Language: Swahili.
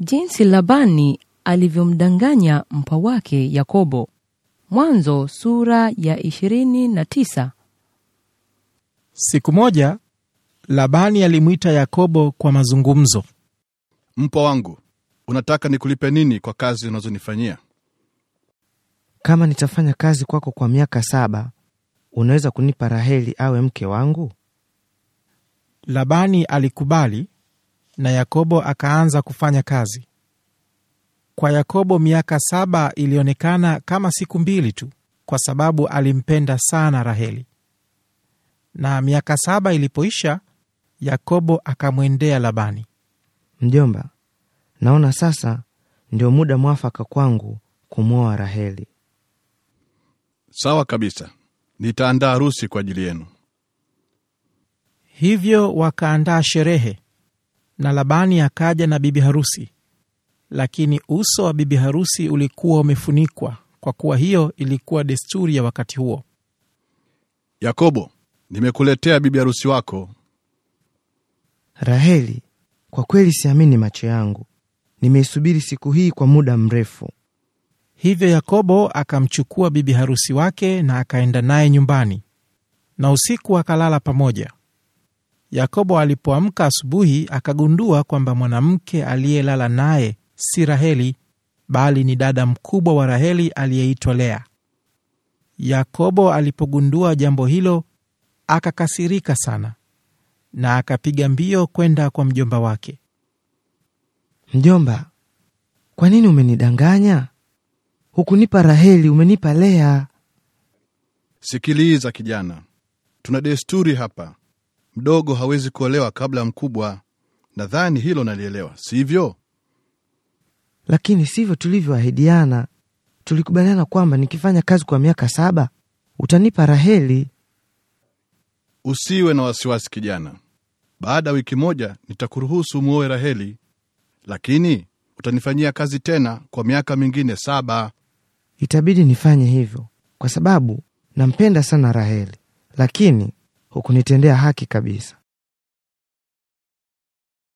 jinsi Labani alivyomdanganya mpa wake Yakobo. Mwanzo sura ya 29. Siku moja Labani alimwita Yakobo kwa mazungumzo. Mpwa wangu, unataka nikulipe nini kwa kazi unazonifanyia? Kama nitafanya kazi kwako kwa miaka saba, unaweza kunipa Raheli awe mke wangu? Labani alikubali na Yakobo akaanza kufanya kazi. Kwa Yakobo miaka saba ilionekana kama siku mbili tu, kwa sababu alimpenda sana Raheli. Na miaka saba ilipoisha, Yakobo akamwendea Labani, mjomba, naona sasa ndio muda mwafaka kwangu kumwoa Raheli. Sawa kabisa, nitaandaa harusi kwa ajili yenu. Hivyo wakaandaa sherehe na Labani akaja na bibi harusi, lakini uso wa bibi harusi ulikuwa umefunikwa, kwa kuwa hiyo ilikuwa desturi ya wakati huo. Yakobo, nimekuletea bibi harusi wako. Raheli, kwa kweli siamini macho yangu, nimeisubiri siku hii kwa muda mrefu. Hivyo Yakobo akamchukua bibi harusi wake na akaenda naye nyumbani, na usiku akalala pamoja. Yakobo alipoamka asubuhi, akagundua kwamba mwanamke aliyelala naye si Raheli, bali ni dada mkubwa wa Raheli aliyeitwa Lea. Yakobo alipogundua jambo hilo, akakasirika sana na akapiga mbio kwenda kwa mjomba wake. Mjomba, kwa nini umenidanganya? Hukunipa Raheli, umenipa Lea. Sikiliza kijana, tuna desturi hapa mdogo hawezi kuolewa kabla ya mkubwa. Nadhani hilo nalielewa, sivyo? Lakini sivyo tulivyoahidiana. Tulikubaliana kwamba nikifanya kazi kwa miaka saba utanipa Raheli. Usiwe na wasiwasi kijana, baada ya wiki moja nitakuruhusu muoe Raheli, lakini utanifanyia kazi tena kwa miaka mingine saba. Itabidi nifanye hivyo kwa sababu nampenda sana Raheli, lakini hukunitendea haki kabisa.